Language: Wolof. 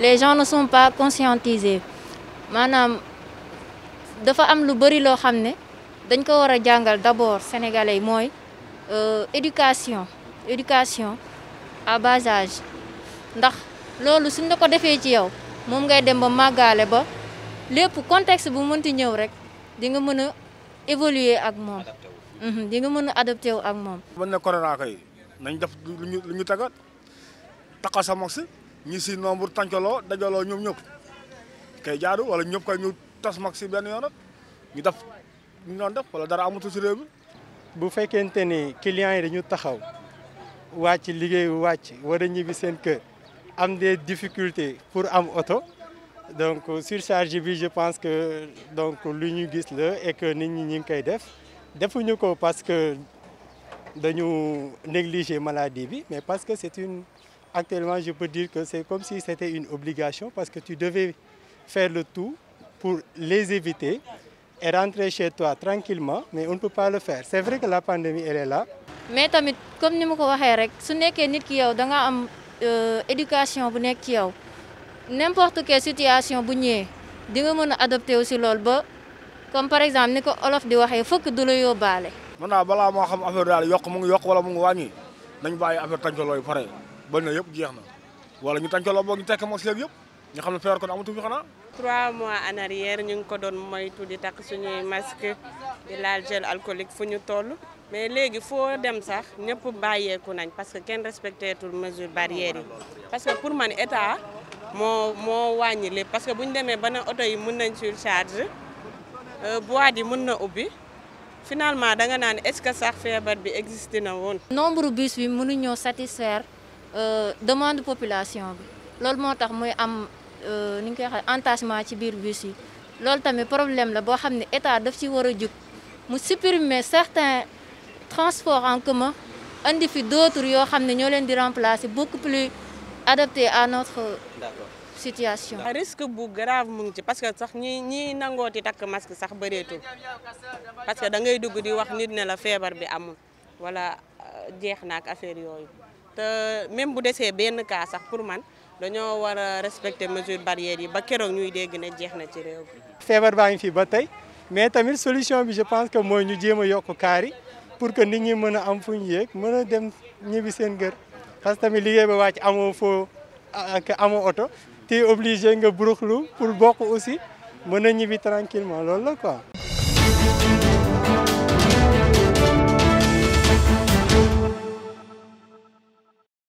les gens ne sont pas conscientisés maanaam dafa am lu bëri loo xam ne dañ ko war a jàngal d'abord sénégalais euh, éducation éducation à bas âge ndax loolu suñ la ko defee ci yow moom ngay dem ba magalé ba lépp contexte bu mënti ñëw rek di nga mëna évoluer ak moom mhm, di nga mëna a adapté wu ak mom mën na corona kay nañ def lu ñu lu ñu taga ñi si nombre tàncaloo dajaloo ñom ñëpp kay jaadu wala ñop kay ñu tas mag si benn yoon ñu def non doon wala dara amatu ci réew mi. bu fekkente ni client yi dañu taxaw wacc liggéey wu wacc wara ñibi seen kër am des difficultés pour am auto donc surcharge bi je pense que donc lu ñu gis la et que nit ñi ñu ngi koy def defuñu ko parce que dañu négliger maladie bi mais parce que c'est une actuellement, je peux dire que c'est comme si c'était une obligation parce que tu devais faire le tout pour les éviter et rentrer chez toi tranquillement, mais on ne peut pas le faire. C'est vrai que la pandémie, elle est là. Mais comme nous l'avons dit, si tu es une éducation n'importe quelle situation Nous devons adopter aussi lool comme par exemple ni ko olof di waxee fëkk du la pas ba na yëpp jeex na wala ñu tàncaloo boog ñu tekk mos léegi yëpp ñu xam ne feebar kon amatu fi xanaa. trois mois en arrière ñu ngi ko doon moytu di takk suñuy masque di laal gel alcoolique fu ñu toll mais léegi foo dem sax ñëpp bàyyeeku nañ parce que kenn respecté tul mesure barrière yi parce que pour man état moo moo wàññi lépp parce que bu ñu demee ba ne oto yi mun nañ surcharge euh, boîte yi mën na ubbi finalement da nga naan est-ce que sax feebar bi existé na woon. nombre bus bi mënuñoo satisfaire. Euh, demande population bi loolu moo tax muy am euh, ni ñu koy waxee entassement ci bir bus yi loolu tamit problème la bo xamni état daf ci wara juk mu supprimer certains transports en commun indi fi d'autres yo xamni ne ñoo di remplacer beaucoup plus adapté à notre situation. risque bu grave mu ngi ci parce que sax ñi ñi nangoti tak masque sax bëreetul parce que da ngay dugg di wax nit ne la fièvre bi amul wala euh, jeex nak affaire yoyu te même bu déssé ben cas sax pour man dañoo wara respecter mesure barrière yi ba kérok ñuy dégg ne jeex na ci réew bi feebar baa ngi ba tay mais tamit solution bi je pense que moy ñu jéem a kaari pour que nit ñi mëna am fuñ ñu mëna dem ñibi seen gër parce tamit liggéey ba wacc amo fo ak amo auto té obligé nga buruxlu pour bokk aussi mëna ñibi tranquillement lool la quoi